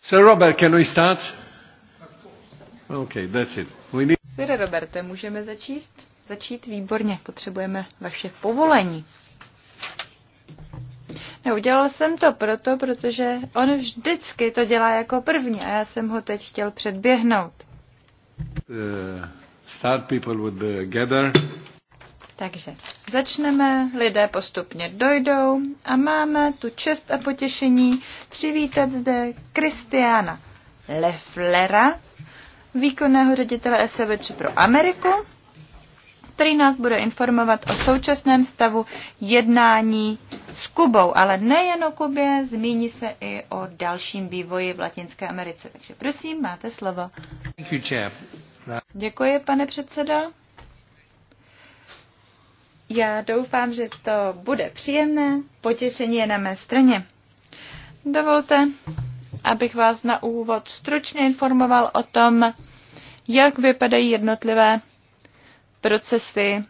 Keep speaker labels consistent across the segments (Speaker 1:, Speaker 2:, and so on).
Speaker 1: Sir Robert, can we start? Okay, that's it. We need...
Speaker 2: Sir Roberte, můžeme začít? Začít výborně, potřebujeme vaše povolení. Neudělal jsem to proto, protože on vždycky to dělá jako první a já jsem ho teď chtěl předběhnout.
Speaker 1: Uh, start people would uh, gather.
Speaker 2: Takže začneme, lidé postupně dojdou a máme tu čest a potěšení přivítat zde Kristiána Leflera, výkonného ředitele SVČ pro Ameriku, který nás bude informovat o současném stavu jednání s Kubou, ale nejen o Kubě, zmíní se i o dalším vývoji v Latinské Americe. Takže prosím, máte slovo. Děkuji, pane předsedo. Já doufám, že to bude příjemné. Potěšení je na mé straně. Dovolte, abych vás na úvod stručně informoval o tom, jak vypadají jednotlivé procesy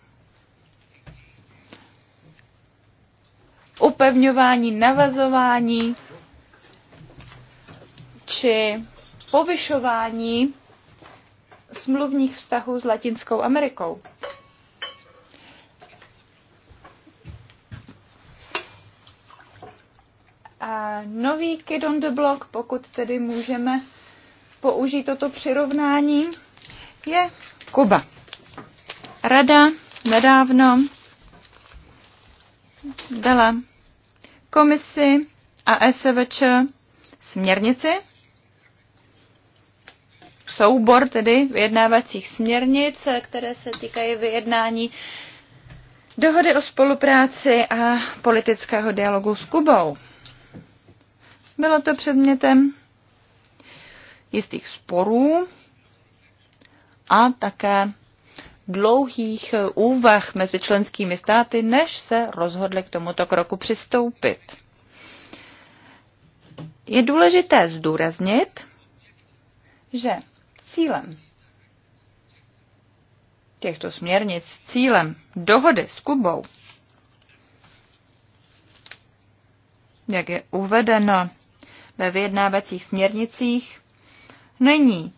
Speaker 2: upevňování, navazování či povyšování smluvních vztahů s Latinskou Amerikou. nový kid on the block, pokud tedy můžeme použít toto přirovnání, je Kuba. Rada nedávno dala komisi a SVČ směrnici, soubor tedy vyjednávacích směrnic, které se týkají vyjednání dohody o spolupráci a politického dialogu s Kubou. Bylo to předmětem jistých sporů a také dlouhých úvah mezi členskými státy, než se rozhodli k tomuto kroku přistoupit. Je důležité zdůraznit, že cílem těchto směrnic, cílem dohody s Kubou, jak je uvedeno ve vyjednávacích směrnicích, není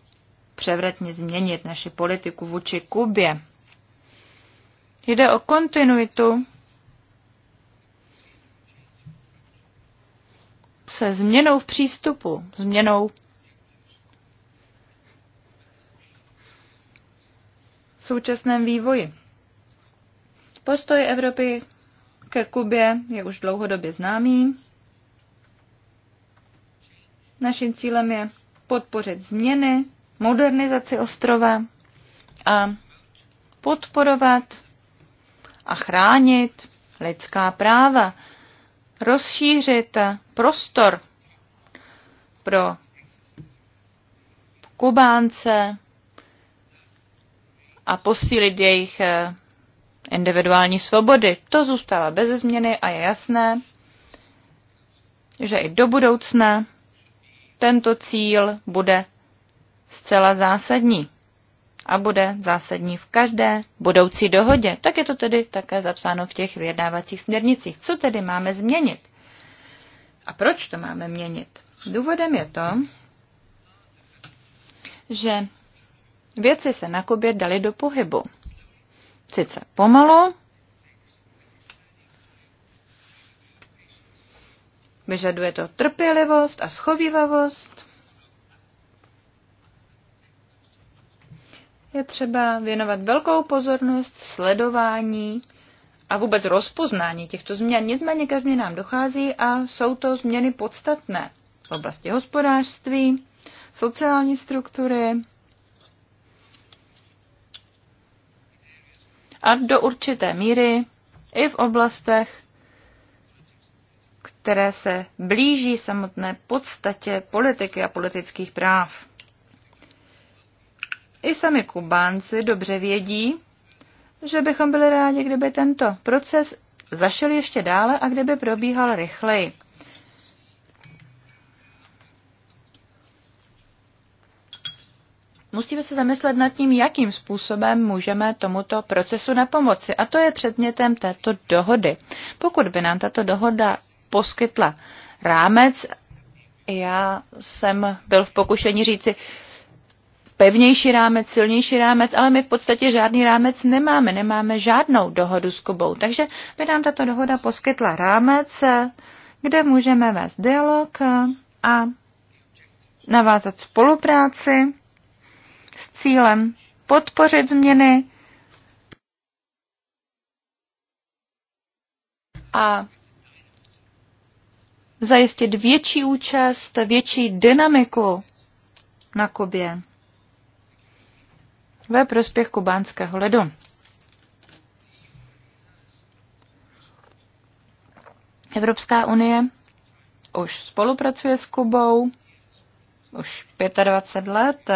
Speaker 2: převratně změnit naši politiku vůči Kubě. Jde o kontinuitu se změnou v přístupu, změnou v současném vývoji. Postoj Evropy ke Kubě je už dlouhodobě známý. Naším cílem je podpořit změny, modernizaci ostrova a podporovat a chránit lidská práva, rozšířit prostor pro Kubánce a posílit jejich eh, individuální svobody. To zůstává bez změny a je jasné, že i do budoucna tento cíl bude zcela zásadní a bude zásadní v každé budoucí dohodě. Tak je to tedy také zapsáno v těch vyjednávacích směrnicích. Co tedy máme změnit? A proč to máme měnit? Důvodem je to, že věci se na Kubě dali do pohybu. Sice pomalu, Vyžaduje to trpělivost a schovivavost. Je třeba věnovat velkou pozornost sledování a vůbec rozpoznání těchto změn. Nicméně ke změnám dochází a jsou to změny podstatné v oblasti hospodářství, sociální struktury a do určité míry i v oblastech, které se blíží samotné podstatě politiky a politických práv. I sami Kubánci dobře vědí, že bychom byli rádi, kdyby tento proces zašel ještě dále a kdyby probíhal rychleji. Musíme se zamyslet nad tím, jakým způsobem můžeme tomuto procesu napomoci. A to je předmětem této dohody. Pokud by nám tato dohoda poskytla rámec. Já jsem byl v pokušení říci pevnější rámec, silnější rámec, ale my v podstatě žádný rámec nemáme. Nemáme žádnou dohodu s Kubou. Takže by nám tato dohoda poskytla rámec, kde můžeme vést dialog a navázat spolupráci s cílem podpořit změny a zajistit větší účast, větší dynamiku na Kubě ve prospěch kubánského ledu. Evropská unie už spolupracuje s Kubou už 25 let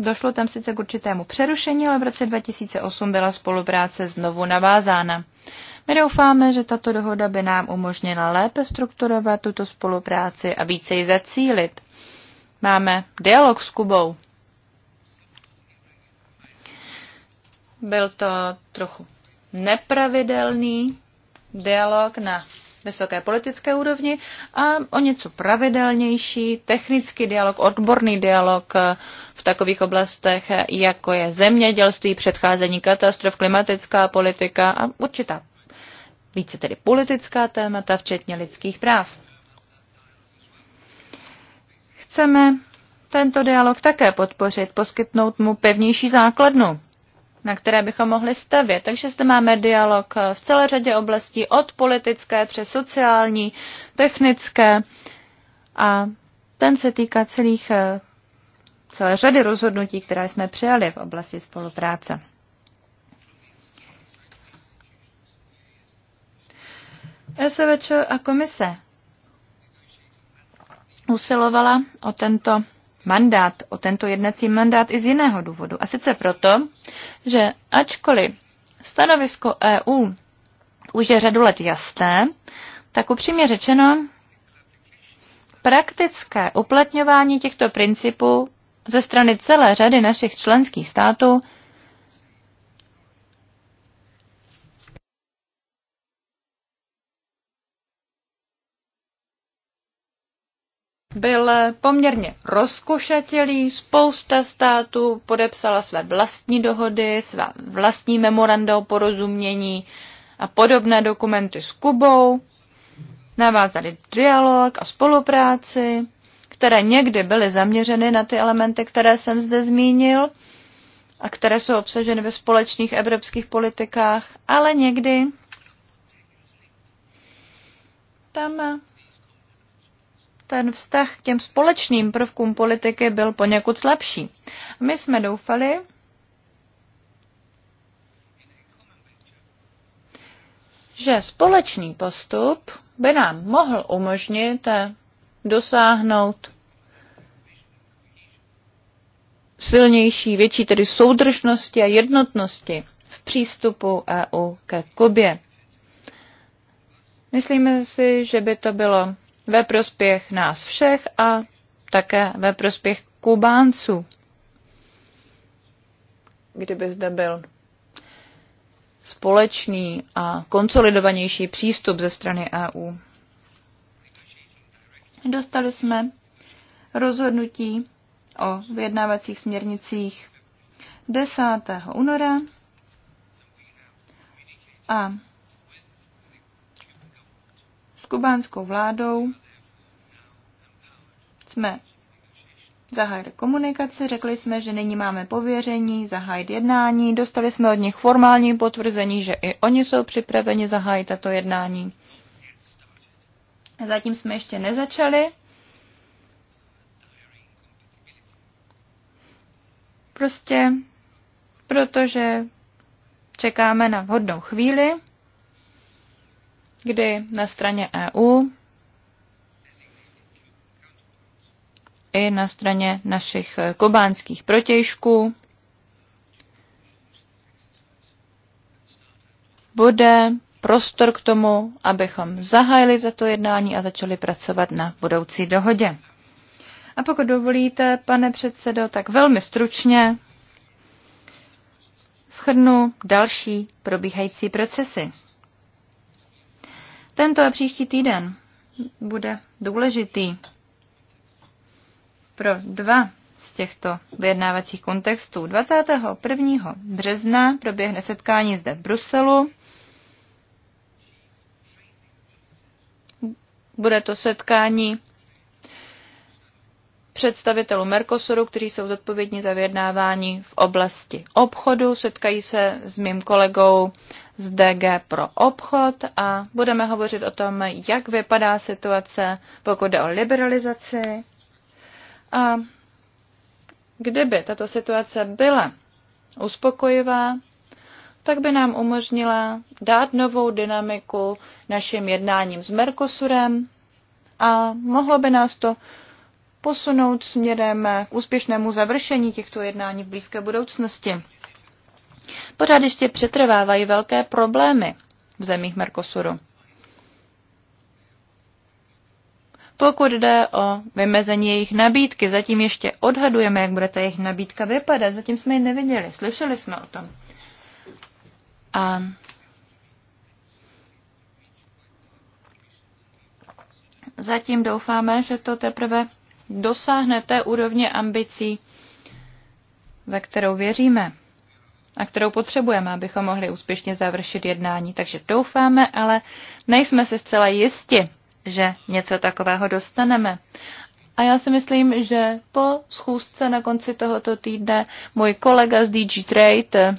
Speaker 2: Došlo tam sice k určitému přerušení, ale v roce 2008 byla spolupráce znovu navázána. My doufáme, že tato dohoda by nám umožnila lépe strukturovat tuto spolupráci a více ji zacílit. Máme dialog s Kubou. Byl to trochu nepravidelný dialog na vysoké politické úrovni a o něco pravidelnější technický dialog, odborný dialog v takových oblastech, jako je zemědělství, předcházení katastrof, klimatická politika a určitá více tedy politická témata, včetně lidských práv. Chceme tento dialog také podpořit, poskytnout mu pevnější základnu, na které bychom mohli stavět. Takže zde máme dialog v celé řadě oblastí, od politické přes sociální, technické a ten se týká celých celé řady rozhodnutí, která jsme přijali v oblasti spolupráce. SVČ a komise usilovala o tento mandát, o tento jednací mandát i z jiného důvodu. A sice proto, že ačkoliv stanovisko EU už je řadu let jasné, tak upřímně řečeno, praktické uplatňování těchto principů ze strany celé řady našich členských států byl poměrně rozkošatělý, spousta států podepsala své vlastní dohody, svá vlastní memoranda o porozumění a podobné dokumenty s Kubou, navázali dialog a spolupráci, které někdy byly zaměřeny na ty elementy, které jsem zde zmínil a které jsou obsaženy ve společných evropských politikách, ale někdy tam ten vztah k těm společným prvkům politiky byl poněkud slabší. My jsme doufali, že společný postup by nám mohl umožnit dosáhnout silnější, větší tedy soudržnosti a jednotnosti v přístupu EU ke Kubě. Myslíme si, že by to bylo ve prospěch nás všech a také ve prospěch Kubánců, kdyby zde byl společný a konsolidovanější přístup ze strany EU. Dostali jsme rozhodnutí o vyjednávacích směrnicích 10. února a s kubánskou vládou jsme zahájili komunikaci, řekli jsme, že nyní máme pověření, zahájit jednání, dostali jsme od nich formální potvrzení, že i oni jsou připraveni zahájit tato jednání. Zatím jsme ještě nezačali. Prostě protože čekáme na vhodnou chvíli, kdy na straně EU i na straně našich kobánských protějšků bude prostor k tomu, abychom zahájili za to jednání a začali pracovat na budoucí dohodě. A pokud dovolíte, pane předsedo, tak velmi stručně shrnu další probíhající procesy. Tento a příští týden bude důležitý pro dva z těchto vyjednávacích kontextů. 21. března proběhne setkání zde v Bruselu Bude to setkání představitelů Mercosuru, kteří jsou zodpovědní za vyjednávání v oblasti obchodu. Setkají se s mým kolegou z DG pro obchod a budeme hovořit o tom, jak vypadá situace, pokud jde o liberalizaci. A kdyby tato situace byla uspokojivá, tak by nám umožnila dát novou dynamiku našim jednáním s Mercosurem a mohlo by nás to posunout směrem k úspěšnému završení těchto jednání v blízké budoucnosti. Pořád ještě přetrvávají velké problémy v zemích Mercosuru. Pokud jde o vymezení jejich nabídky, zatím ještě odhadujeme, jak bude ta jejich nabídka vypadat, zatím jsme ji neviděli, slyšeli jsme o tom. A zatím doufáme, že to teprve dosáhne té úrovně ambicí, ve kterou věříme a kterou potřebujeme, abychom mohli úspěšně završit jednání. Takže doufáme, ale nejsme si zcela jisti, že něco takového dostaneme. A já si myslím, že po schůzce na konci tohoto týdne můj kolega z DG Trade,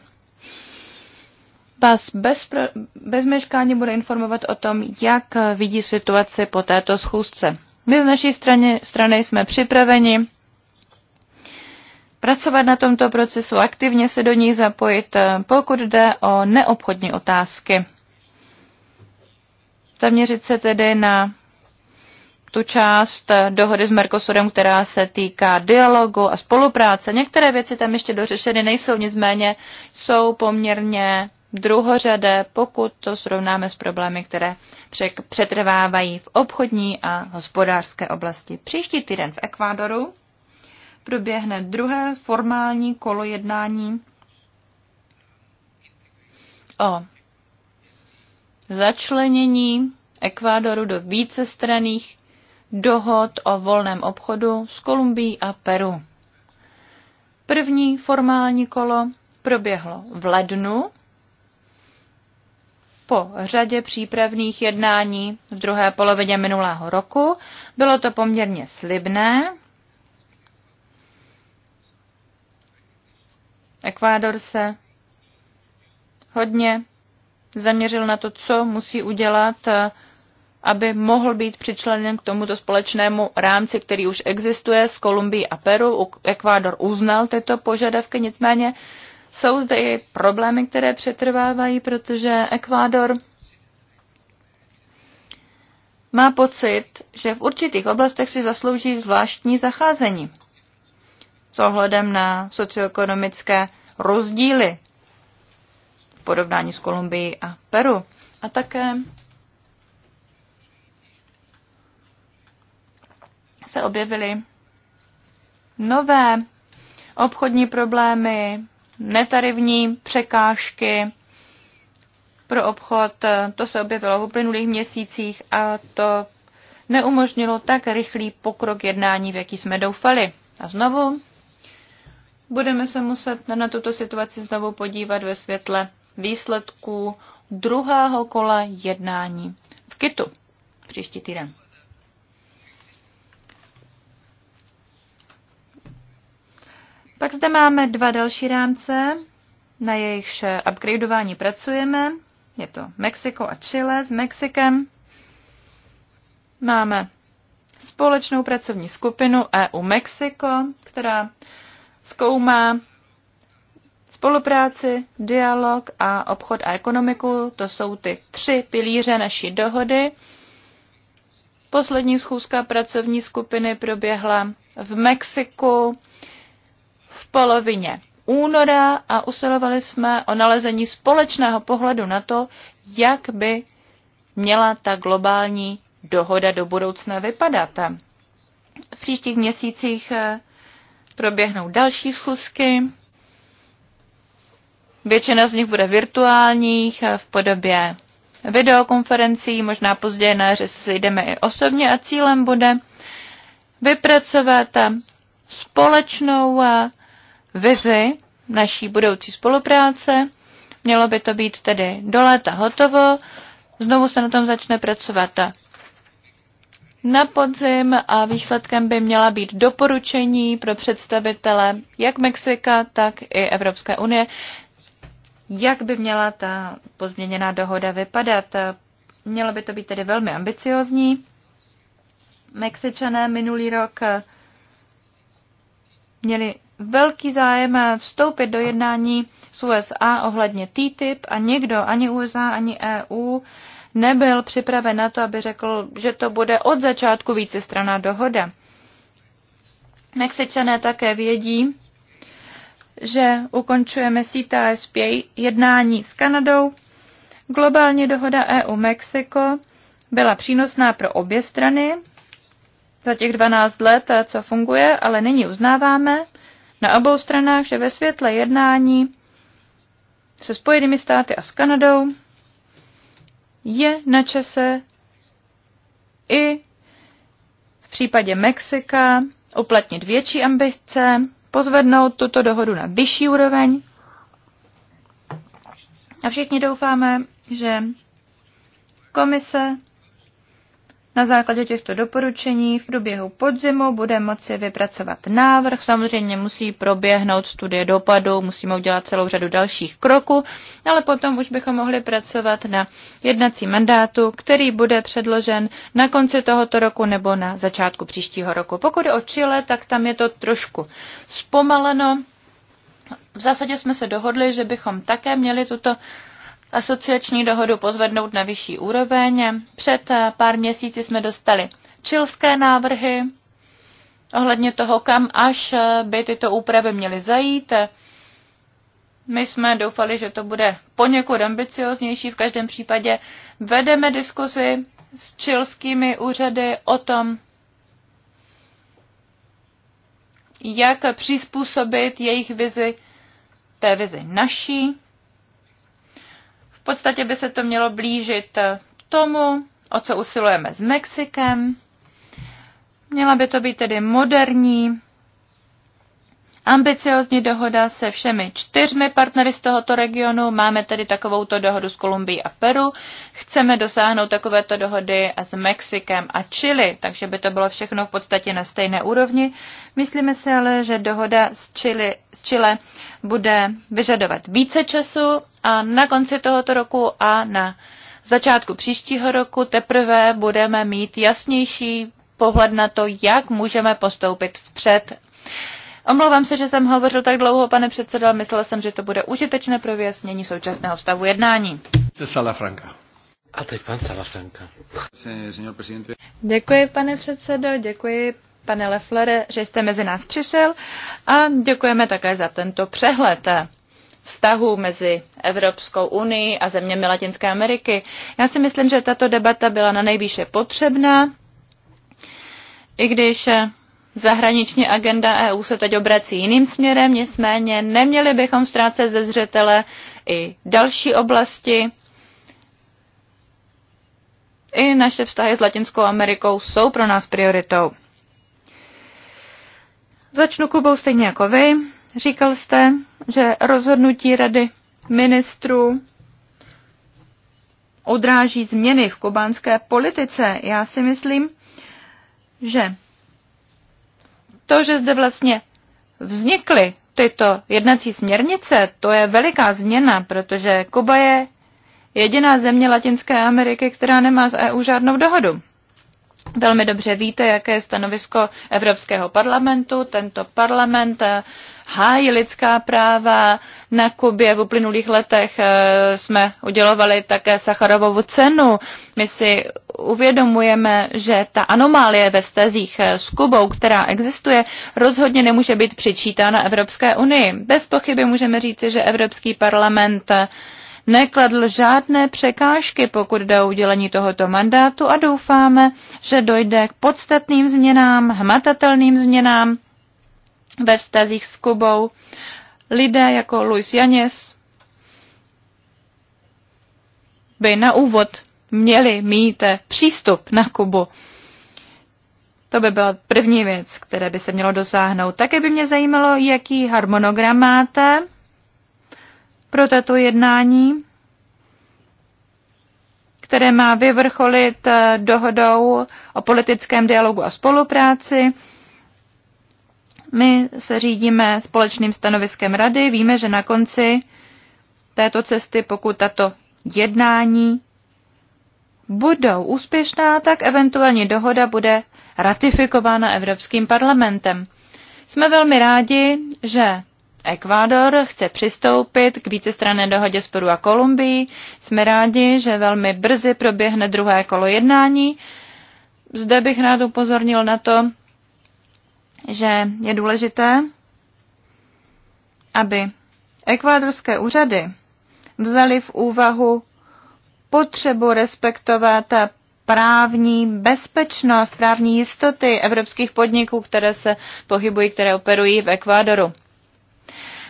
Speaker 2: Pas bez, bez meškání bude informovat o tom, jak vidí situaci po této schůzce. My z naší strany, strany jsme připraveni pracovat na tomto procesu, aktivně se do ní zapojit, eh, pokud jde o neobchodní otázky. Zaměřit se tedy na tu část eh, dohody s Mercosurem, která se týká dialogu a spolupráce. Některé věci tam ještě dořešeny nejsou, nicméně jsou poměrně druhořadé, pokud to srovnáme s problémy, které přetrvávají v obchodní a hospodářské oblasti. Příští týden v Ekvádoru proběhne druhé formální kolo jednání o začlenění Ekvádoru do vícestraných dohod o volném obchodu s Kolumbií a Peru. První formální kolo proběhlo v lednu po řadě přípravných jednání v druhé polovině minulého roku. Bylo to poměrně slibné. Ekvádor se hodně zaměřil na to, co musí udělat, aby mohl být přičleněn k tomuto společnému rámci, který už existuje s Kolumbií a Peru. Ekvádor uznal tyto požadavky, nicméně jsou zde i problémy, které přetrvávají, protože Ekvádor má pocit, že v určitých oblastech si zaslouží zvláštní zacházení s ohledem na socioekonomické rozdíly v porovnání s Kolumbií a Peru. A také se objevily nové obchodní problémy, netarivní překážky pro obchod, to se objevilo v uplynulých měsících a to neumožnilo tak rychlý pokrok jednání, v jaký jsme doufali. A znovu budeme se muset na tuto situaci znovu podívat ve světle výsledků druhého kola jednání v Kitu příští týden. Pak zde máme dva další rámce, na jejichž upgradeování pracujeme. Je to Mexiko a Chile s Mexikem. Máme společnou pracovní skupinu EU-Mexiko, která zkoumá spolupráci, dialog a obchod a ekonomiku. To jsou ty tři pilíře naší dohody. Poslední schůzka pracovní skupiny proběhla v Mexiku polovině února a usilovali jsme o nalezení společného pohledu na to, jak by měla ta globální dohoda do budoucna vypadat. V příštích měsících eh, proběhnou další schůzky. Většina z nich bude virtuálních eh, v podobě videokonferencí, možná později na že se jdeme i osobně a cílem bude vypracovat eh, společnou vizi naší budoucí spolupráce. Mělo by to být tedy do léta hotovo, znovu se na tom začne pracovat na podzim a výsledkem by měla být doporučení pro představitele jak Mexika, tak i Evropské unie, jak by měla ta pozměněná dohoda vypadat. Mělo by to být tedy velmi ambiciozní. Mexičané minulý rok měli velký zájem vstoupit do jednání s USA ohledně TTIP a nikdo, ani USA, ani EU, nebyl připraven na to, aby řekl, že to bude od začátku vícestraná dohoda. Mexičané také vědí, že ukončujeme CTSP jednání s Kanadou. Globální dohoda EU-Mexiko byla přínosná pro obě strany za těch 12 let, co funguje, ale nyní uznáváme, na obou stranách, že ve světle jednání se Spojenými státy a s Kanadou je na čase i v případě Mexika uplatnit větší ambice, pozvednout tuto dohodu na vyšší úroveň. A všichni doufáme, že komise na základě těchto doporučení v průběhu podzimu bude moci vypracovat návrh. Samozřejmě musí proběhnout studie dopadu, musíme udělat celou řadu dalších kroků, ale potom už bychom mohli pracovat na jednací mandátu, který bude předložen na konci tohoto roku nebo na začátku příštího roku. Pokud je o Chile, tak tam je to trošku zpomaleno. V zásadě jsme se dohodli, že bychom také měli tuto asociační dohodu pozvednout na vyšší úroveň. Před eh, pár měsíci jsme dostali čilské návrhy ohledně toho, kam až eh, by tyto úpravy měly zajít. My jsme doufali, že to bude poněkud ambicioznější. V každém případě vedeme diskuzi s čilskými úřady o tom, jak přizpůsobit jejich vizi té vizi naší podstatě by se to mělo blížit eh, tomu, o co usilujeme s Mexikem. Měla by to být tedy moderní, ambiciozní dohoda se všemi čtyřmi partnery z tohoto regionu. Máme tedy takovouto dohodu s Kolumbií a Peru. Chceme dosáhnout takovéto dohody s Mexikem a Chile, takže by to bylo všechno v podstatě na stejné úrovni. Myslíme si ale, že dohoda s Chile, s Chile bude vyžadovat více času a na konci tohoto roku a na začátku příštího roku teprve budeme mít jasnější pohled na to, jak můžeme postoupit vpřed. Omlouvám se, že jsem hovořil tak dlouho, pane předsedo, a myslel jsem, že to bude užitečné pro vyjasnění současného stavu jednání.
Speaker 3: Salafranca. A teď pan Salafranca.
Speaker 2: Děkuji, pane předsedo, děkuji, pane Leflere, že jste mezi nás přišel a děkujeme také za tento přehled vztahů mezi Evropskou unii a zeměmi Latinské Ameriky. Já si myslím, že tato debata byla na nejvýše potřebná, i když eh, zahraniční agenda EU se teď obrací jiným směrem, nicméně neměli bychom ztrácet ze zřetele i další oblasti. I naše vztahy s Latinskou Amerikou jsou pro nás prioritou. Začnu Kubou stejně jako vy. Říkal jste, že rozhodnutí rady ministrů odráží změny v kubánské politice. Já si myslím, že to, že zde vlastně vznikly tyto jednací směrnice, to je veliká změna, protože Kuba je jediná země Latinské Ameriky, která nemá s EU žádnou dohodu. Velmi dobře víte, jaké je stanovisko Evropského parlamentu. Tento parlament hájí lidská práva. Na Kubě v uplynulých letech eh, jsme udělovali také Sacharovovu cenu. My si uvědomujeme, že ta anomálie ve vztazích eh, s Kubou, která existuje, rozhodně nemůže být přičítána Evropské unii. Bez pochyby můžeme říci, že Evropský parlament eh, nekladl žádné překážky, pokud jde o udělení tohoto mandátu a doufáme, že dojde k podstatným změnám, hmatatelným změnám ve vztazích s Kubou. Lidé jako Luis Janes by na úvod měli mít přístup na Kubu. To by byla první věc, které by se mělo dosáhnout. Také by mě zajímalo, jaký harmonogram máte pro tato jednání, které má vyvrcholit eh, dohodou o politickém dialogu a spolupráci. My se řídíme společným stanoviskem rady, víme, že na konci této cesty, pokud tato jednání budou úspěšná, tak eventuálně dohoda bude ratifikována Evropským parlamentem. Jsme velmi rádi, že Ekvádor chce přistoupit k vícestranné dohodě s Peru a Kolumbií. Jsme rádi, že velmi brzy proběhne druhé kolo jednání. Zde bych rád upozornil na to, že je důležité, aby ekvádorské úřady vzali v úvahu potřebu respektovat právní bezpečnost, právní jistoty evropských podniků, které se pohybují, které operují v Ekvádoru.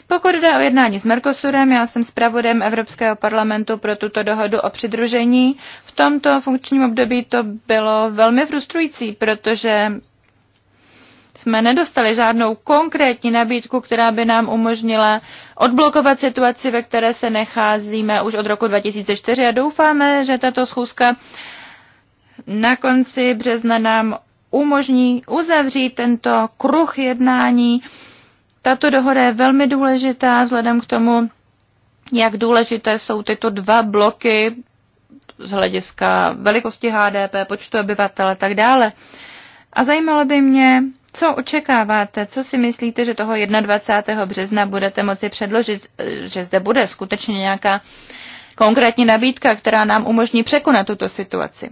Speaker 2: Pokud jde o jednání s Mercosurem, já jsem zpravodem Evropského parlamentu pro tuto dohodu o přidružení. V tomto funkčním období to bylo velmi frustrující, protože jsme nedostali žádnou konkrétní nabídku, která by nám umožnila odblokovat situaci, ve které se nacházíme už od roku 2004 a doufáme, že tato schůzka na konci března nám umožní uzavřít tento kruh jednání. Tato dohoda je velmi důležitá vzhledem k tomu, jak důležité jsou tyto dva bloky z hlediska velikosti HDP, počtu obyvatel a tak dále. A zajímalo by mě, co očekáváte? Co si myslíte, že toho 21. března budete moci předložit, eh, že zde bude skutečně nějaká konkrétní nabídka, která nám umožní překonat tuto situaci?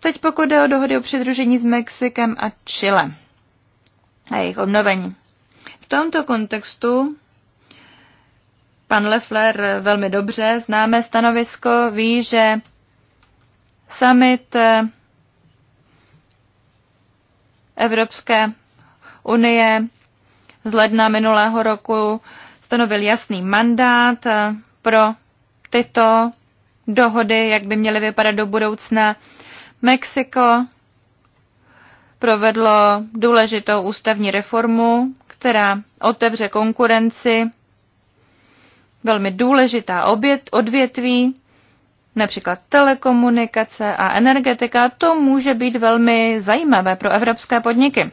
Speaker 2: Teď pokud jde o dohody o přidružení s Mexikem a Chile a jejich obnovení. V tomto kontextu pan Leffler velmi dobře známe stanovisko, ví, že summit eh, Evropské unie z ledna minulého roku stanovil jasný mandát eh, pro tyto dohody, jak by měly vypadat do budoucna. Mexiko provedlo důležitou ústavní reformu, která otevře konkurenci, velmi důležitá obět, odvětví, například telekomunikace a energetika. To může být velmi zajímavé pro evropské podniky.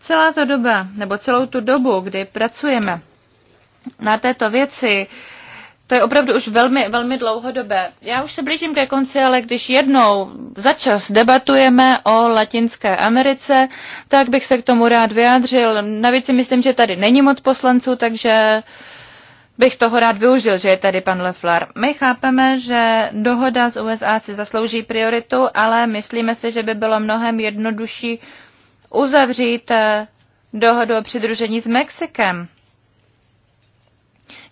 Speaker 2: Celá ta doba, nebo celou tu dobu, kdy pracujeme na této věci, to je opravdu už velmi, velmi dlouhodobé. Já už se blížím ke konci, ale když jednou za čas debatujeme o Latinské Americe, tak bych se k tomu rád vyjádřil. Navíc si myslím, že tady není moc poslanců, takže bych toho rád využil, že je tady pan Leflar. My chápeme, že dohoda z USA si zaslouží prioritu, ale myslíme si, že by bylo mnohem jednodušší uzavřít eh, dohodu o přidružení s Mexikem.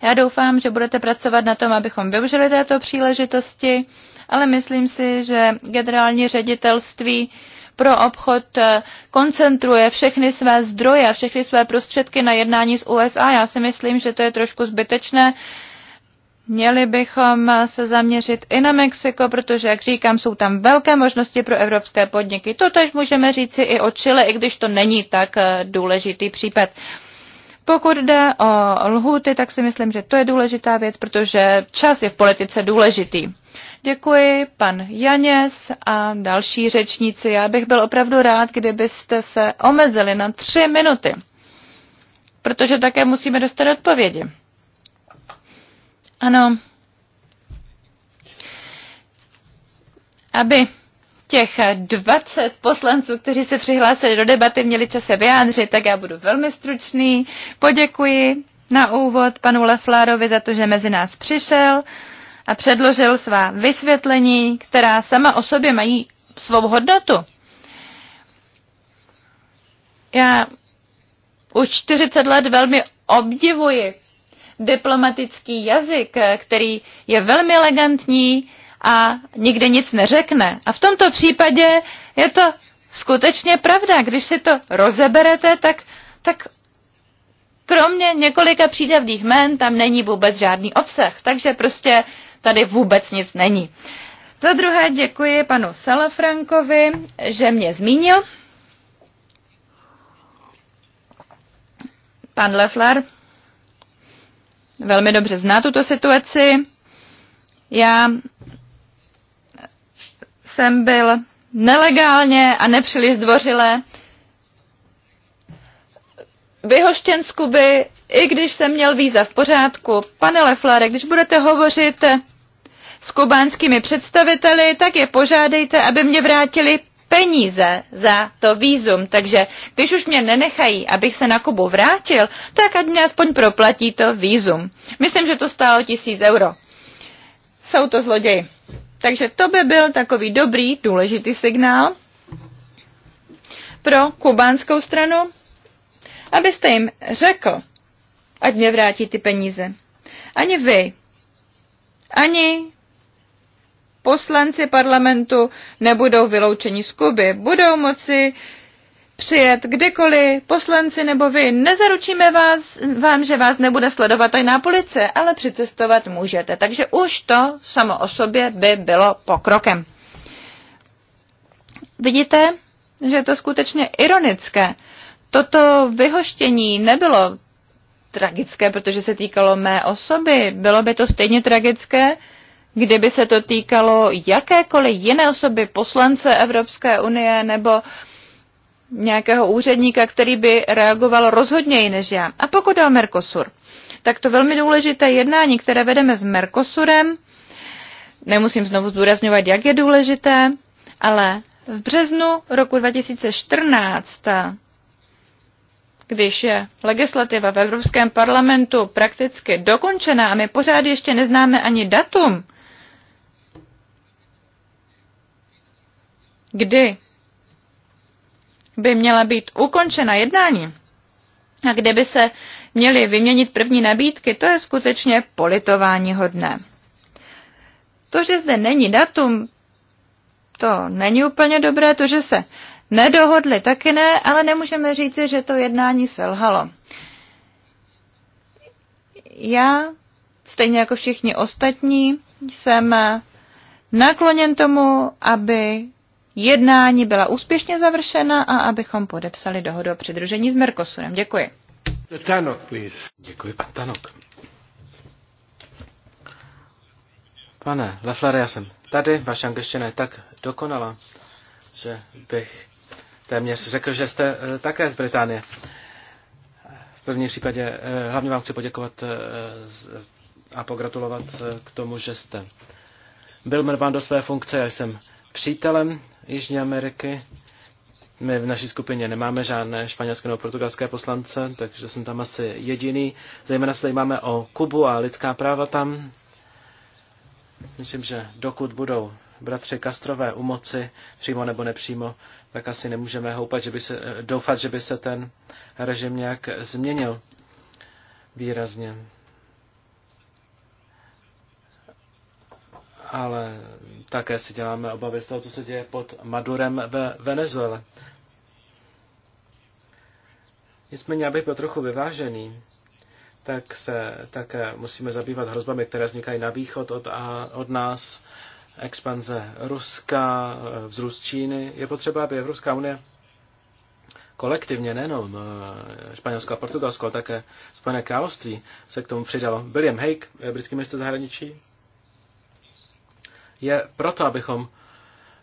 Speaker 2: Já doufám, že budete pracovat na tom, abychom využili této příležitosti, ale myslím si, že generální ředitelství pro obchod eh, koncentruje všechny své zdroje a všechny své prostředky na jednání s USA. Já si myslím, že to je trošku zbytečné. Měli bychom se zaměřit i na Mexiko, protože, jak říkám, jsou tam velké možnosti pro evropské podniky. To tež můžeme říci i o Chile, i když to není tak eh, důležitý případ. Pokud jde o lhuty, tak si myslím, že to je důležitá věc, protože čas je v politice důležitý. Děkuji, pan Janěs a další řečníci. Já bych byl opravdu rád, kdybyste se omezili na tři minuty, protože také musíme dostat odpovědi. Ano. Aby těch 20 poslanců, kteří se přihlásili do debaty, měli čas se vyjádřit, tak já budu velmi stručný. Poděkuji na úvod panu Leflárovi za to, že mezi nás přišel a předložil svá vysvětlení, která sama o sobě mají svou hodnotu. Já už 40 let velmi obdivuji diplomatický jazyk, eh, který je velmi elegantní a nikde nic neřekne. A v tomto případě je to skutečně pravda. Když si to rozeberete, tak, tak kromě několika přídavných jmen tam není vůbec žádný obsah. Takže prostě tady vůbec nic není. Za druhé děkuji panu Salafrankovi, že mě zmínil. Pan Leffler velmi dobře zná tuto situaci. Já jsem byl nelegálně a nepříliš zdvořile vyhoštěn z Kuby, i když jsem měl víza v pořádku. Pane Leflare, když budete hovořit s kubánskými představiteli, tak je požádejte, aby mě vrátili peníze za to výzum, takže když už mě nenechají, abych se na Kubu vrátil, tak ať mě aspoň proplatí to výzum. Myslím, že to stálo tisíc euro. Jsou to zloději. Takže to by byl takový dobrý, důležitý signál pro kubánskou stranu, abyste jim řekl, ať mě vrátí ty peníze. Ani vy, ani poslanci parlamentu nebudou vyloučeni z Kuby. Budou moci přijet kdekoliv, poslanci nebo vy. Nezaručíme vás, vám, že vás nebude sledovat tajná policie, ale přicestovat můžete. Takže už to samo o sobě by bylo pokrokem. Vidíte, že je to skutečně ironické. Toto vyhoštění nebylo tragické, protože se týkalo mé osoby. Bylo by to stejně tragické, kdyby se to týkalo jakékoliv jiné osoby, poslance Evropské unie nebo nějakého úředníka, který by reagoval rozhodněji než já. A pokud o Mercosur, tak to velmi důležité jednání, které vedeme s Mercosurem, nemusím znovu zdůrazňovat, jak je důležité, ale v březnu roku 2014, když je legislativa v Evropském parlamentu prakticky dokončená a my pořád ještě neznáme ani datum, kdy by měla být ukončena jednání a kde by se měly vyměnit první nabídky, to je skutečně politování hodné. To, že zde není datum, to není úplně dobré, to, že se nedohodli, taky ne, ale nemůžeme říci, že to jednání selhalo. Já, stejně jako všichni ostatní, jsem nakloněn tomu, aby jednání byla úspěšně završena a abychom podepsali dohodu o přidružení s Mercosurem. Děkuji.
Speaker 3: Tanok, please. Děkuji, pan Tanok. Pane Laflare, já jsem tady, vaše angličtina je tak dokonala, že bych téměř řekl, že jste eh, také z Británie. V prvním případě eh, hlavně vám chci poděkovat eh, a pogratulovat k tomu, že jste byl jmenován do své funkce. Já jsem přítelem Jižní Ameriky. My v naší skupině nemáme žádné španělské nebo portugalské poslance, takže jsem tam asi jediný. Zejména se máme o Kubu a lidská práva tam. Myslím, že dokud budou bratři Kastrové u moci, přímo nebo nepřímo, tak asi nemůžeme houpat, že by se, doufat, že by se ten režim nějak změnil výrazně. ale také si děláme obavy z toho, co se děje pod Madurem ve Venezuele. Nicméně, abych byl trochu vyvážený, tak se také musíme zabývat hrozbami, které vznikají na východ od, a, od nás, expanze Ruska, vzrůst Číny. Je potřeba, aby Evropská unie kolektivně, nejenom eh, Španělsko a Portugalsko, ale také Spojené království se k tomu přidalo. William Hague, britský minister zahraničí, je proto, abychom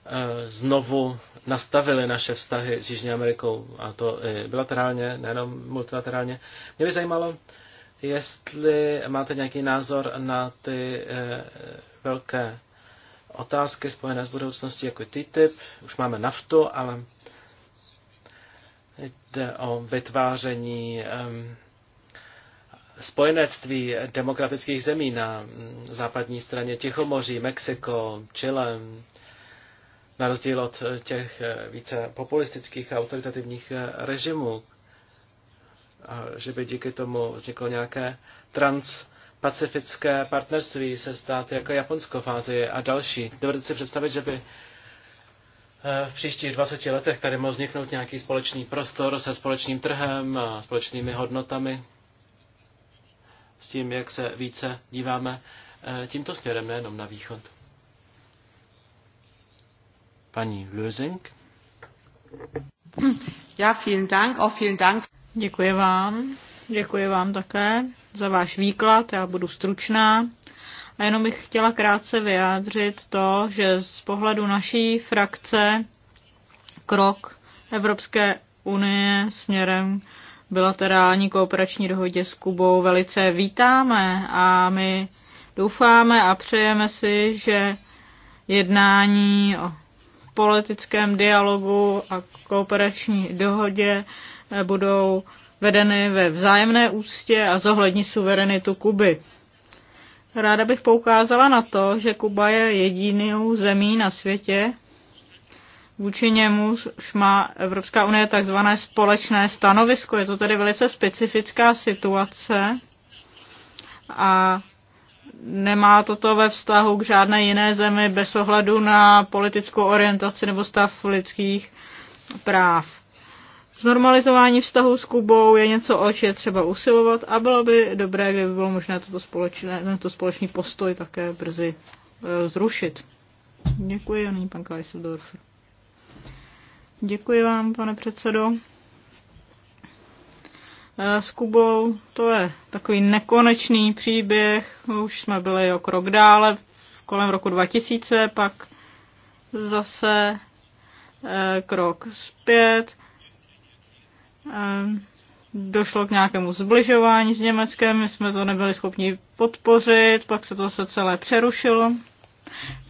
Speaker 3: eh, znovu nastavili naše vztahy s Jižní Amerikou, a to i bilaterálně, nejenom multilaterálně. Mě by zajímalo, jestli máte nějaký názor na ty eh, velké otázky spojené s budoucností, jako TTIP. Už máme naftu, ale jde o vytváření um, spojenectví demokratických zemí na západní straně Tichomoří, Mexiko, Chile, na rozdíl od těch více populistických a autoritativních režimů, že by díky tomu vzniklo nějaké transpacifické partnerství se státy jako Japonsko v Ázii a další. Dovedu si představit, že by eh, v příštích 20 letech tady mohl vzniknout nějaký společný prostor se společným trhem a společnými hodnotami s tím, jak se více díváme eh, tímto směrem, nejenom na východ. Paní Lösing.
Speaker 1: Ja, vielen Dank, auch vielen Dank. Děkuji vám. Děkuji vám také za váš výklad. Já budu stručná. A jenom bych chtěla krátce vyjádřit to, že z pohledu naší frakce krok Evropské unie směrem bilaterální kooperační dohodě s Kubou velice vítáme a my doufáme a přejeme si, že jednání o politickém dialogu a kooperační dohodě eh, budou vedeny ve vzájemné ústě a zohlední suverenitu Kuby. Ráda bych poukázala na to, že Kuba je jedinou zemí na světě, Vůči němu už má Evropská unie takzvané společné stanovisko. Je to tedy velice specifická situace a nemá toto ve vztahu k žádné jiné zemi bez ohledu na politickou orientaci nebo stav lidských práv. Znormalizování vztahu s Kubou je něco, o je třeba usilovat a bylo by dobré, kdyby bylo možné toto společné, tento společný postoj také brzy eh, zrušit. Děkuji, Janý pan Kajsildorfer. Děkuji vám, pane předsedo. Eh, s Kubou to je takový nekonečný příběh. Už jsme byli o krok dále, kolem roku 2000, pak zase eh, krok zpět. Eh, došlo k nějakému zbližování s Německem, my jsme to nebyli schopni podpořit, pak se to zase celé přerušilo.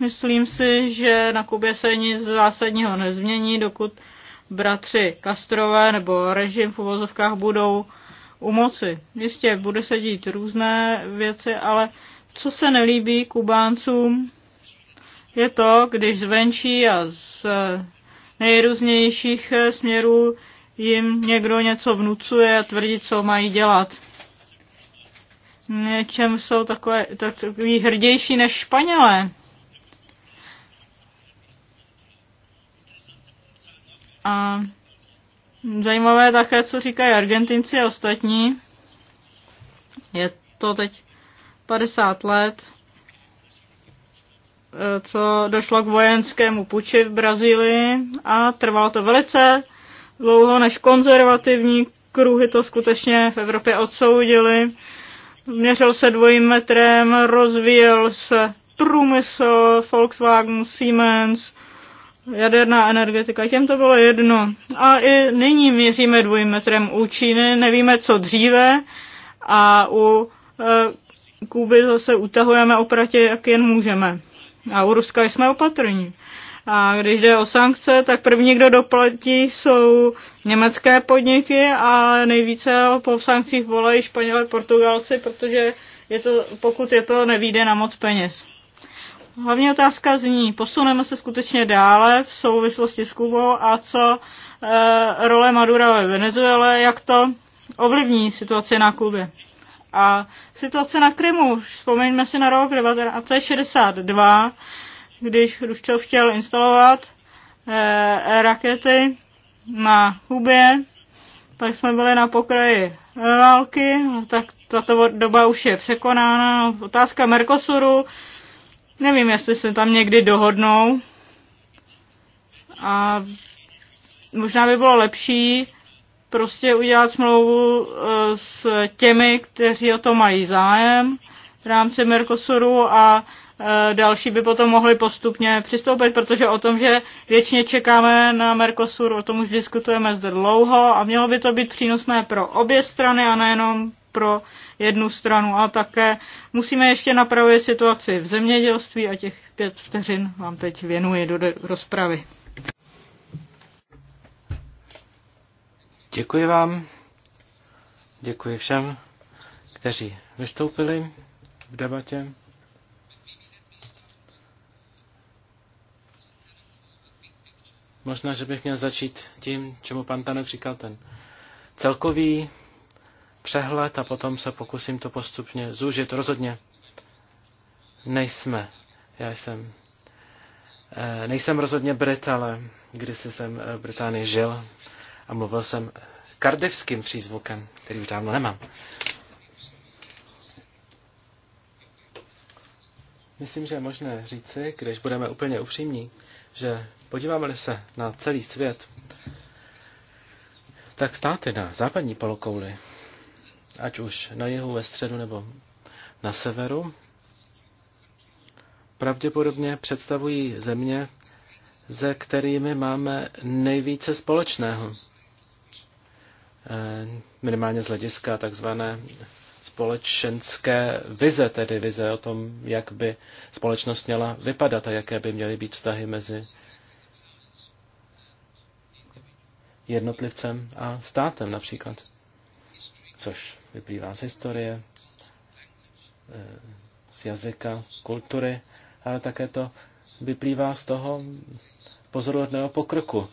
Speaker 1: Myslím si, že na Kubě se nic zásadního nezmění, dokud bratři Kastrové nebo režim v uvozovkách budou u moci. Jistě, bude se dít různé věci, ale co se nelíbí Kubáncům, je to, když zvenčí a z nejrůznějších směrů jim někdo něco vnucuje a tvrdí, co mají dělat. Něčem jsou takové, takový hrdější než Španělé. A zajímavé je také, co říkají Argentinci a ostatní. Je to teď 50 let, eh, co došlo k vojenskému puči v Brazílii a trvalo to velice dlouho, než konzervativní kruhy to skutečně v Evropě odsoudili. Měřil se dvojím metrem, rozvíjel se průmysl, Volkswagen, Siemens, jaderná energetika, těm to bylo jedno. A i nyní měříme dvojmetrem u Číny, nevíme co dříve a u e, Kuby zase utahujeme opratě, jak jen můžeme. A u Ruska jsme opatrní. A když jde o sankce, tak první, kdo doplatí, jsou německé podniky a nejvíce po sankcích volají Španělé, Portugalci, protože je to, pokud je to, nevíde na moc peněz. Hlavní otázka zní, posuneme se skutečně dále v souvislosti s Kubou a co e, role Madura ve Venezuele, jak to ovlivní situaci na Kubě. A situace na Krymu, vzpomeňme si na rok 1962, když Ruščov chtěl instalovat e, rakety na Kubě, tak jsme byli na pokraji války, tak tato doba už je překonána. Otázka Mercosuru, Nevím, jestli se tam někdy dohodnou. A možná by bylo lepší prostě udělat smlouvu e, s těmi, kteří o to mají zájem v rámci Mercosuru a e, další by potom mohli postupně přistoupit, protože o tom, že věčně čekáme na Mercosur, o tom už diskutujeme zde dlouho a mělo by to být přínosné pro obě strany a nejenom pro jednu stranu. A také musíme ještě napravit situaci v zemědělství a těch pět vteřin vám teď věnuji do rozpravy.
Speaker 3: Děkuji vám. Děkuji všem, kteří vystoupili v debatě. Možná, že bych měl začít tím, čemu pan Tanok říkal, ten celkový přehled a potom se pokusím to postupně zúžit. Rozhodně nejsme. Já jsem. Eh, nejsem rozhodně Brit, ale když jsem eh, v Británii žil a mluvil jsem kardivským přízvukem, který už dávno nemám. Myslím, že je možné říci, když budeme úplně upřímní, že podíváme-li se na celý svět, tak státy na západní polokouli ať už na jihu, ve středu nebo na severu, pravděpodobně představují země, se kterými máme nejvíce společného. Eh, minimálně z hlediska takzvané společenské vize, tedy vize o tom, jak by společnost měla vypadat a jaké by měly být vztahy mezi jednotlivcem a státem například. Což vyplývá z historie, eh, z jazyka, kultury, ale také to vyplývá z toho pozoruhodného pokroku,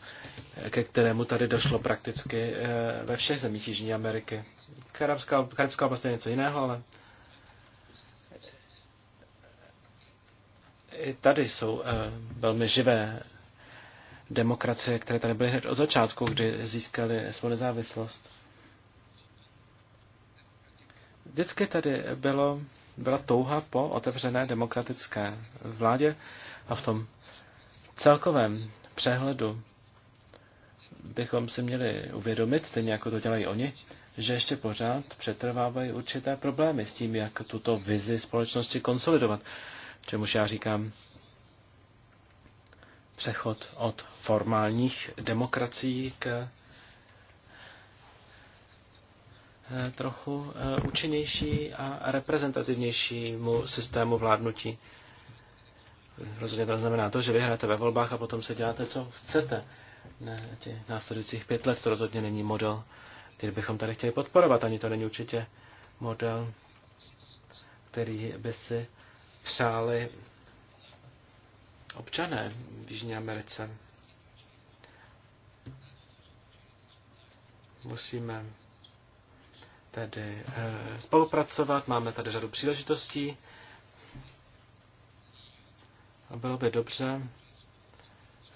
Speaker 3: eh, ke kterému tady došlo prakticky eh, ve všech zemích Jižní Ameriky. Karibská, Karibská oblast je něco jiného, ale i tady jsou velmi živé demokracie, které tady byly hned od začátku, kdy získali svou nezávislost. Vždycky tady bylo, byla touha po otevřené demokratické vládě a v tom celkovém přehledu bychom si měli uvědomit, stejně jako to dělají oni, že ještě pořád přetrvávají určité problémy s tím, jak tuto vizi společnosti konsolidovat. Čemuž já říkám přechod od formálních demokracií k Eh, trochu eh, účinnější a reprezentativnějšímu systému vládnutí. Rozhodně to znamená to, že vyhráte ve volbách a potom se děláte, co chcete. Na těch následujících pět let to rozhodně není model, který bychom tady chtěli podporovat. Ani to není určitě model, který by si přáli občané v Jižní Americe. Musíme tedy eh, spolupracovat. Máme tady řadu příležitostí a bylo by dobře,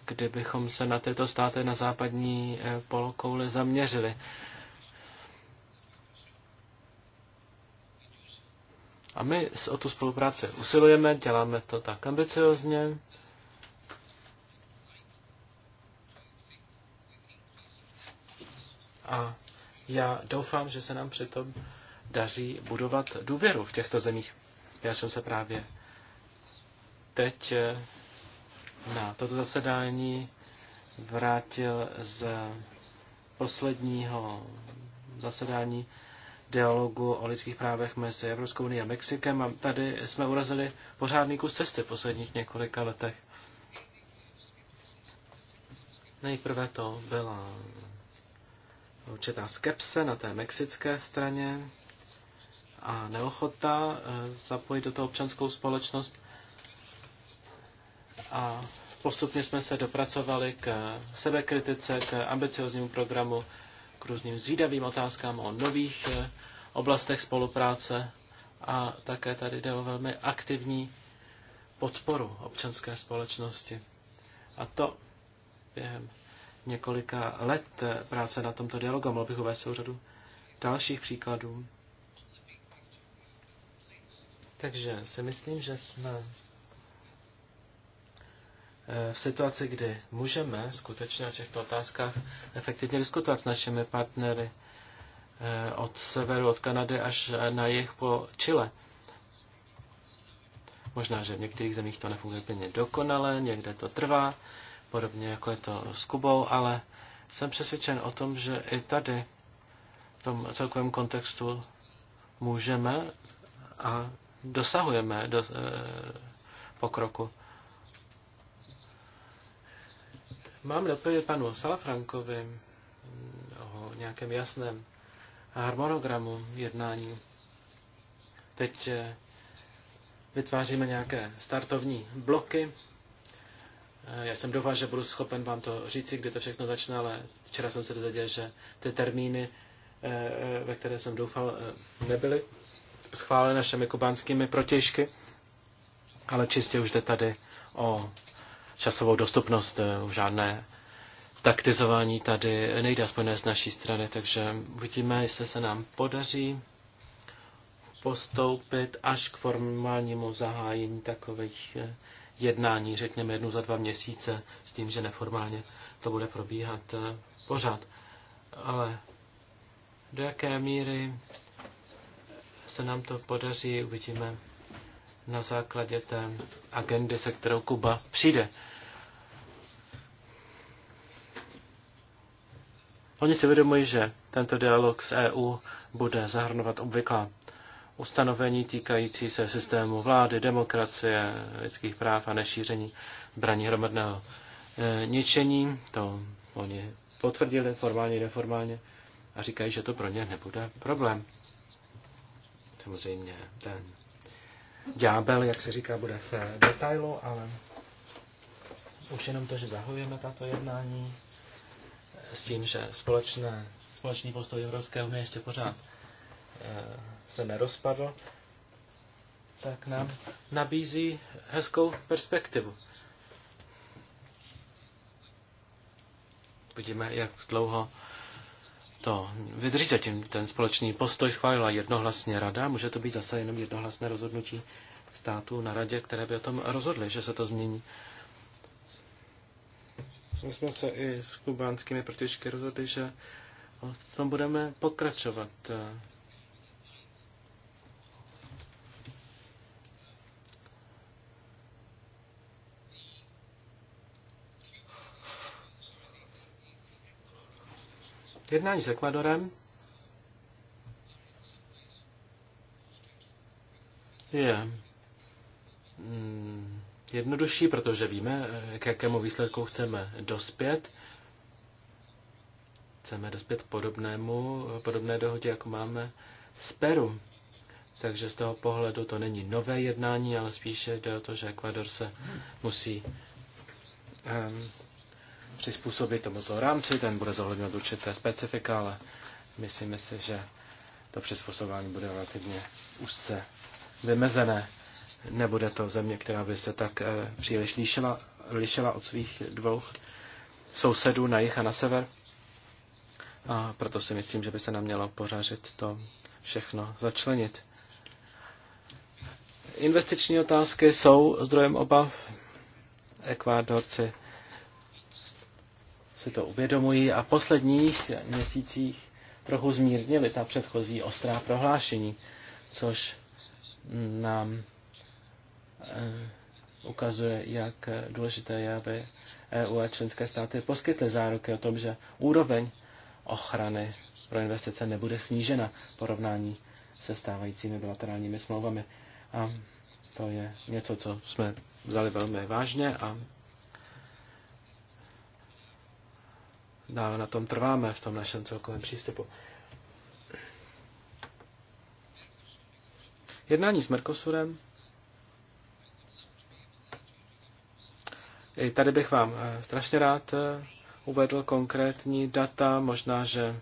Speaker 3: kdybychom se na tyto státy na západní eh, polokouli zaměřili. A my o tu spolupráci usilujeme, děláme to tak ambiciozně. A já doufám, že se nám přitom daří budovat důvěru v těchto zemích. Já jsem se právě teď eh, na toto zasedání vrátil z posledního zasedání dialogu o lidských právech mezi Evropskou unii a Mexikem a tady jsme urazili pořádný kus cesty v posledních několika letech. Nejprve to byla určitá skepse na té mexické straně a neochota eh, zapojit do toho občanskou společnost. A postupně jsme se dopracovali k sebekritice, k ambicioznímu programu, k různým zvídavým otázkám o nových eh, oblastech spolupráce a také tady jde o velmi aktivní podporu občanské společnosti. A to během několika let práce na tomto dialogu. Mohl bych uvést souřadu dalších příkladů. Takže si myslím, že jsme eh, v situaci, kdy můžeme skutečně o těchto otázkách efektivně diskutovat s našimi partnery eh, od severu, od Kanady až na jih po Chile. Možná, že v některých zemích to nefunguje úplně dokonale, někde to trvá, podobně jako je to s Kubou, ale jsem přesvědčen o tom, že i tady v tom celkovém kontextu můžeme a dosahujeme do, e, pokroku. Mám odpověď panu Salafrankovi mm, o nějakém jasném harmonogramu jednání. Teď e, vytváříme nějaké startovní bloky Eh, já jsem doufal, že budu schopen vám to říci, kdy to všechno začne, ale včera jsem se dozvěděl, že ty termíny, eh, eh, ve které jsem doufal, nebyly schváleny našimi kubánskými protěžky, ale čistě už jde tady o časovou dostupnost, žádné taktizování tady nejde, aspoň ne z naší strany, takže uvidíme, jestli se nám podaří postoupit až k formálnímu zahájení takových jednání, řekněme jednu za dva měsíce, s tím, že neformálně to bude probíhat eh, pořád. Ale do jaké míry se nám to podaří, uvidíme na základě té agendy, se kterou Kuba přijde. Oni si uvědomují, že tento dialog s EU bude zahrnovat obvyklá ustanovení týkající se systému vlády, demokracie, lidských práv a nešíření zbraní hromadného e, ničení. To oni potvrdili formálně, neformálně a říkají, že to pro ně nebude problém. Samozřejmě ten ďábel, jak se říká, bude v detailu, ale už jenom to, že zahajujeme tato jednání s tím, že společné, společný postoj Evropské unie ještě pořád Eh, se nerozpadl, tak nám nabízí hezkou perspektivu. Vidíme, jak dlouho to vydrží zatím ten společný postoj schválila jednohlasně rada. Může to být zase jenom jednohlasné rozhodnutí států na radě, které by o tom rozhodly, že se to změní. My jsme se i s kubánskými protižky rozhodli, že o tom budeme pokračovat Jednání s Ekvadorem je mm, jednodušší, protože víme, k jakému výsledku chceme dospět. Chceme dospět podobnému, podobné dohodě, jako máme s Peru. Takže z toho pohledu to není nové jednání, ale spíše jde o to, že Ekvador se musí um, přizpůsobit tomuto rámci, ten bude zohledňovat určité specifika, ale myslíme si, že to přizpůsobování bude relativně úzce vymezené. Nebude to země, která by se tak eh, příliš líšila, lišila od svých dvou sousedů na jih a na sever. A proto si myslím, že by se nám mělo pořažit to všechno začlenit. Investiční otázky jsou zdrojem obav. Ekvádorci si to uvědomují a v posledních měsících trochu zmírnili ta předchozí ostrá prohlášení, což nám eh, ukazuje, jak důležité je, aby EU a členské státy poskytly záruky o tom, že úroveň ochrany pro investice nebude snížena v porovnání se stávajícími bilaterálními smlouvami. A to je něco, co jsme vzali velmi vážně a dále na tom trváme v tom našem celkovém přístupu. Jednání s Merkosurem. I tady bych vám eh, strašně rád eh, uvedl konkrétní data, možná, že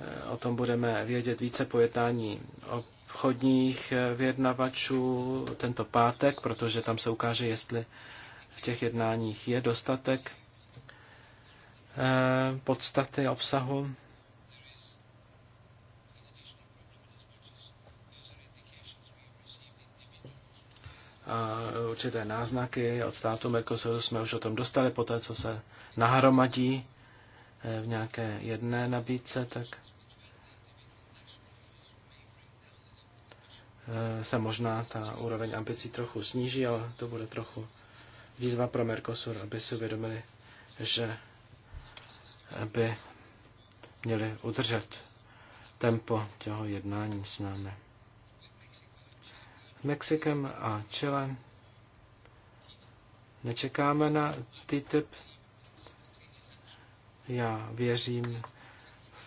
Speaker 3: eh, o tom budeme vědět více po jednání obchodních vyjednavačů tento pátek, protože tam se ukáže, jestli v těch jednáních je dostatek Eh, podstaty obsahu. A určité náznaky od státu Mercosuru jsme už o tom dostali, poté co se nahromadí eh, v nějaké jedné nabídce, tak eh, se možná ta úroveň ambicí trochu sníží, ale to bude trochu výzva pro Mercosur, aby si uvědomili, že aby měli udržet tempo těho jednání s námi. S Mexikem a Chile nečekáme na TTIP. Já věřím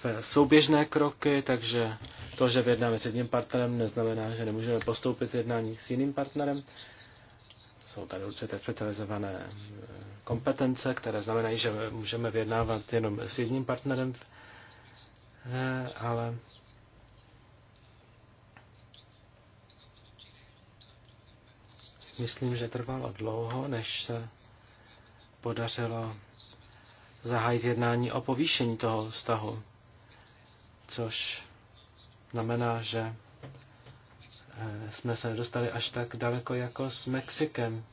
Speaker 3: v souběžné kroky, takže to, že jednáme s jedním partnerem, neznamená, že nemůžeme postoupit jednání s jiným partnerem. Jsou tady určité specializované eh, kompetence, které znamenají, že můžeme vyjednávat jenom s jedním partnerem, eh, ale myslím, že trvalo dlouho, než se podařilo zahájit jednání o povýšení toho vztahu, což znamená, že Eh, jsme se nedostali až tak daleko jako s Mexikem.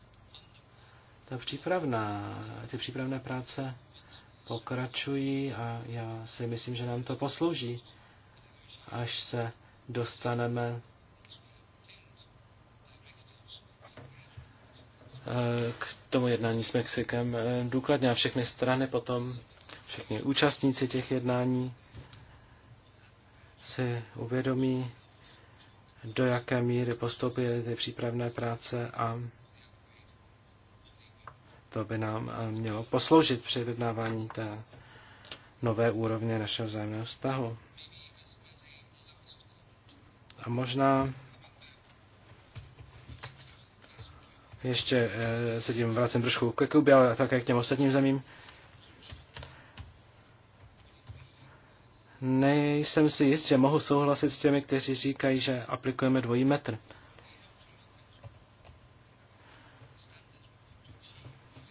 Speaker 3: Ta přípravná, ty přípravné práce pokračují a já si myslím, že nám to poslouží, až se dostaneme eh, k tomu jednání s Mexikem eh, důkladně a všechny strany potom, všichni účastníci těch jednání si uvědomí, do jaké míry postoupily ty přípravné práce a to by nám eh, mělo posloužit při vyjednávání té nové úrovně našeho vzájemného vztahu. A možná ještě eh, se tím vracím trošku ke Kubě, ale také k těm ostatním zemím. nejsem si jist, že mohu souhlasit s těmi, kteří říkají, že aplikujeme dvojí metr.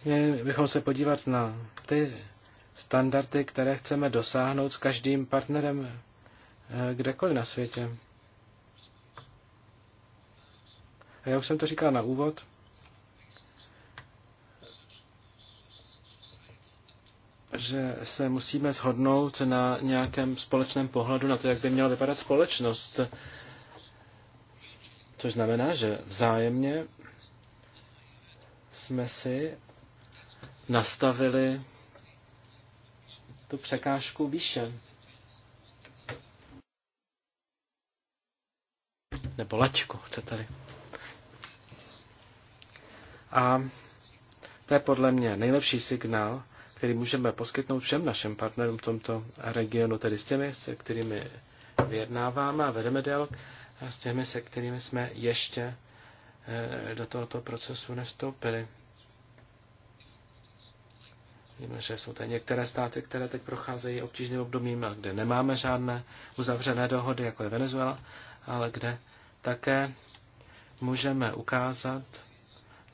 Speaker 3: Měli bychom se podívat na ty standardy, které chceme dosáhnout s každým partnerem eh, kdekoliv na světě. Já už jsem to říkal na úvod. že se musíme shodnout na nějakém společném pohledu na to, jak by měla vypadat společnost. Což znamená, že vzájemně jsme si nastavili tu překážku výše. Nebo laťku, chcete-li. A to je podle mě nejlepší signál, který můžeme poskytnout všem našim partnerům v tomto regionu, tedy s těmi, se kterými vyjednáváme a vedeme dialog, a s těmi, se kterými jsme ještě e, do tohoto procesu nestoupili. Víme, že jsou tady některé státy, které teď procházejí obtížným obdobím a kde nemáme žádné uzavřené dohody, jako je Venezuela, ale kde také můžeme ukázat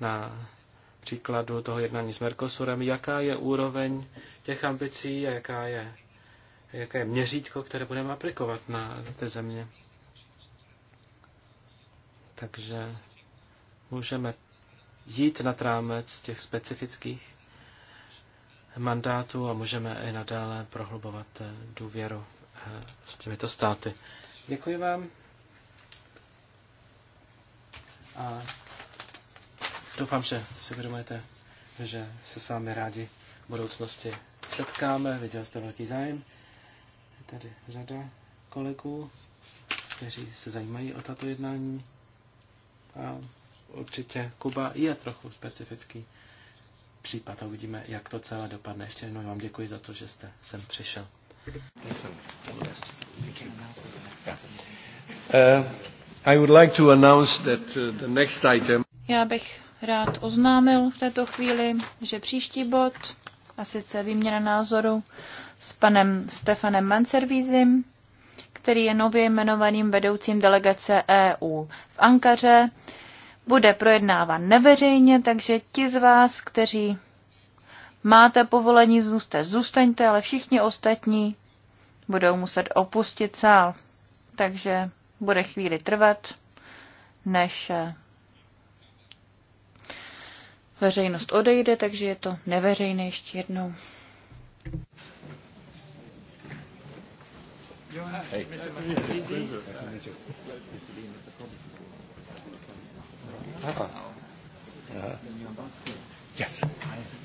Speaker 3: na příkladu toho jednání s Mercosurem, jaká je úroveň těch ambicí a jaká je, jaké je měřítko, které budeme aplikovat na ty země. Takže můžeme jít na rámec těch specifických mandátů a můžeme i nadále prohlubovat eh, důvěru eh, s těmito státy. Děkuji vám. A Doufám, že si vědomujete, že se s vámi rádi v budoucnosti setkáme. Viděl jste velký zájem. Je tady řada kolegů, kteří se zajímají o tato jednání. A určitě Kuba je trochu specifický případ a uvidíme, jak to celé dopadne. Ještě jednou vám děkuji za to, že jste sem přišel. Uh, I would like to announce that uh, the next item.
Speaker 2: Já bych rád oznámil v této chvíli, že příští bod, a sice výměna názoru s panem Stefanem Manservízim, který je nově jmenovaným vedoucím delegace EU v Ankaře, bude projednáván neveřejně, takže ti z vás, kteří máte povolení zůstat, zůstaňte, ale všichni ostatní budou muset opustit sál. Takže bude chvíli trvat, než eh, veřejnost odejde, takže je to neveřejné ještě jednou. Hey. Papa. Uh,
Speaker 3: yes.